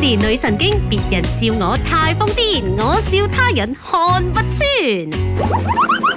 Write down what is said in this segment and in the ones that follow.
女神經，別人笑我太瘋癲，我笑他人看不穿。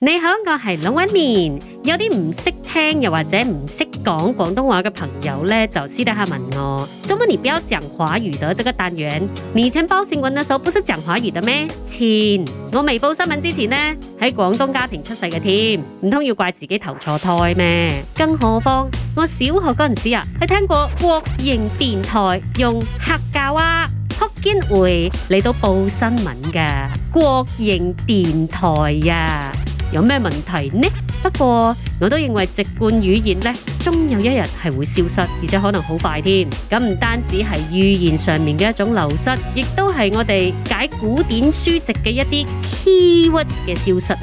你好，我係龍紋敏有啲唔識聽又或者唔識講廣東話嘅朋友呢，就私底下問我做乜你唔講華語得？這個單元，你請包善文嘅時候，不是講華語的咩？前我未報新聞之前呢，喺廣東家庭出世嘅添，唔通要怪自己投錯胎咩？更何況我小學嗰陣時啊，係聽過國營電台用客家話福建會嚟到報新聞嘅國營電台呀。有咩問題呢？不過我都認為直觀語言咧，終有一日係會消失，而且可能好快添。咁唔單止係語言上面嘅一種流失，亦都係我哋解古典書籍嘅一啲 keywords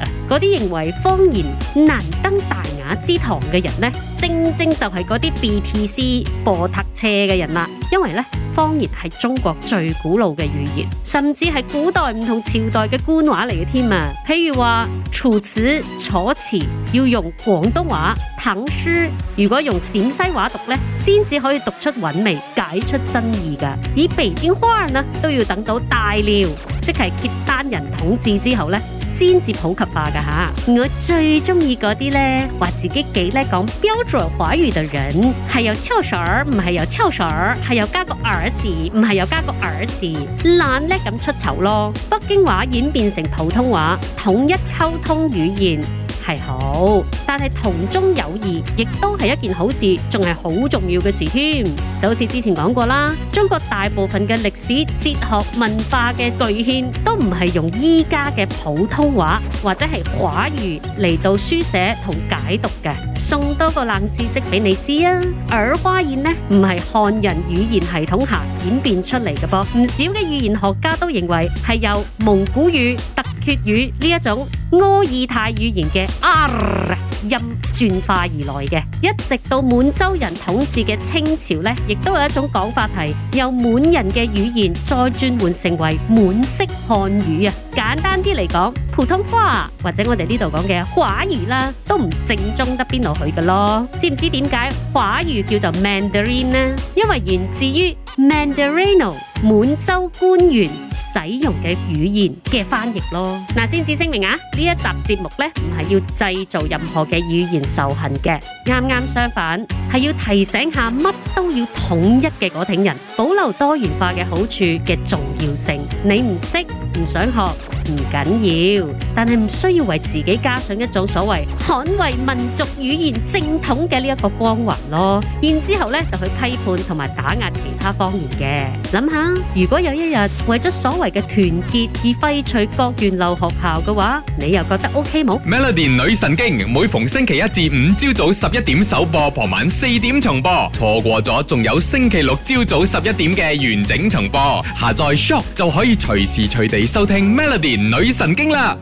雅之堂嘅人咧，正正就係嗰啲 BTC 波特車嘅人啦。因為咧，方言係中國最古老嘅語言，甚至係古代唔同朝代嘅官話嚟嘅添啊。譬如話楚辭、楚詞要用廣東話唸書，如果用陝西話讀咧，先至可以讀出韻味、解出真意噶。而鼻尖花啊，都要等到大遼，即係契丹人統治之後咧。先至普及化㗎吓，我最中意啲咧，話自己幾叻講標準華語嘅人，係又抽水，唔係又抽水，係又加個耳字，唔係又加個耳字，懶叻咁出醜咯。北京話演變成普通話，統一溝通語言係好。但係同中有異，亦都係一件好事，仲係好重要嘅事添。就好似之前講過啦，中國大部分嘅歷史、哲學、文化嘅巨獻，都唔係用依家嘅普通話或者係華語嚟到書寫同解讀嘅。送多個冷知識俾你知啊！兒化音呢唔係漢人語言系統下演變出嚟嘅噃，唔少嘅語言學家都認為係由蒙古語特血語呢一種阿爾泰語言嘅 R、啊、音轉化而來嘅，一直到滿洲人統治嘅清朝咧，亦都有一種講法係由滿人嘅語言再轉換成為滿式漢語啊。簡單啲嚟講，普通話或者我哋呢度講嘅華語啦，都唔正宗得邊度去噶咯？知唔知點解華語叫做 Mandarin 呢？因為源自於 Mandarino。滿洲官員使用嘅語言嘅翻譯咯。嗱、啊，先至聲明啊，呢一集節目呢，唔係要製造任何嘅語言仇恨嘅，啱啱相反係要提醒下乜都要統一嘅嗰啲人，保留多元化嘅好處嘅重要性。你唔識，唔想學，唔緊要，但係唔需要為自己加上一種所謂捍衛民族語言正統嘅呢一個光環咯。然之後呢，就去批判同埋打壓其他方言嘅，諗下。如果有一日為咗所謂嘅團結而廢除各源流學校嘅話，你又覺得 OK 冇？Melody 女神經每逢星期一至五朝早十一點首播，傍晚四點重播，錯過咗仲有星期六朝早十一點嘅完整重播。下載 shop 就可以隨時隨地收聽 Melody 女神經啦。